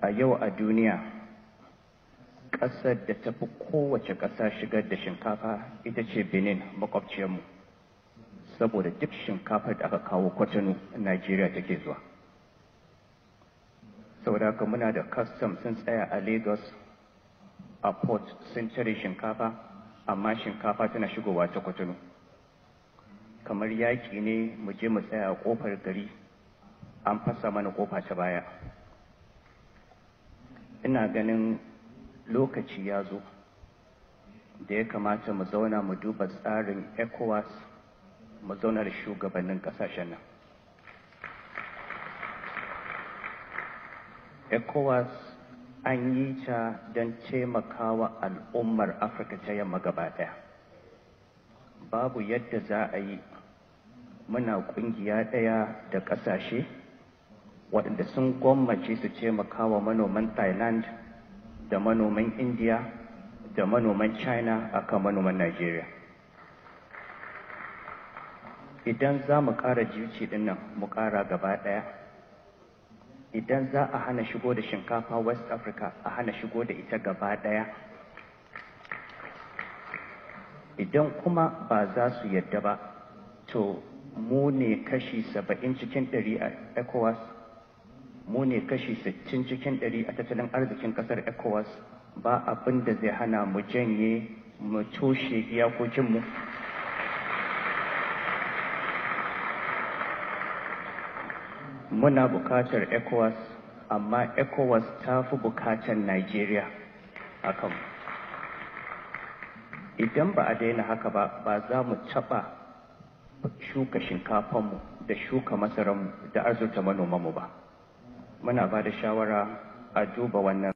a yau a duniya ƙasar da ta fi kowace ƙasa shigar da shinkafa ita ce benin makwabciyarmu saboda duk shinkafar da aka kawo kwatano najeriya take zuwa saboda haka muna da kastam sun tsaya a lagos a port sun cire shinkafa amma shinkafa tana shigowa ta kwatano kamar yaƙi ne mu je mu tsaya a ƙofar gari an fasa mana ƙofa ta baya ina ganin lokaci ya zo da ya kamata mu zauna mu duba tsarin ecowas mu zauna da shugabannin kasashen nan ecowas an yi ta don taimakawa al'ummar afirka ta yamma gaba daya babu yadda za a yi muna kungiya daya da kasashe waɗanda sun gwammace su ce makawa manoman thailand da manoman india da manoman china akan manoman Najeriya. idan za mu ƙara jirci ɗin nan mu ƙara gaba ɗaya idan za a hana shigo da shinkafa west africa a hana shigo da ita gaba ɗaya idan kuma ba za su yadda ba to mu ne kashi saba'in cikin ɗari a ecowas mu ne kashi 60 cikin 100 a tattalin arzikin kasar ecowas ba abin da zai hana mu janye mu toshe iyakokinmu muna bukatar ecowas amma ecowas ta fi bukatar nigeria a kan idan ba a daina haka ba ba za mu taɓa shuka shinkafanmu da shuka masaranmu da arzuta manomanmu ba muna ba da shawara a duba wannan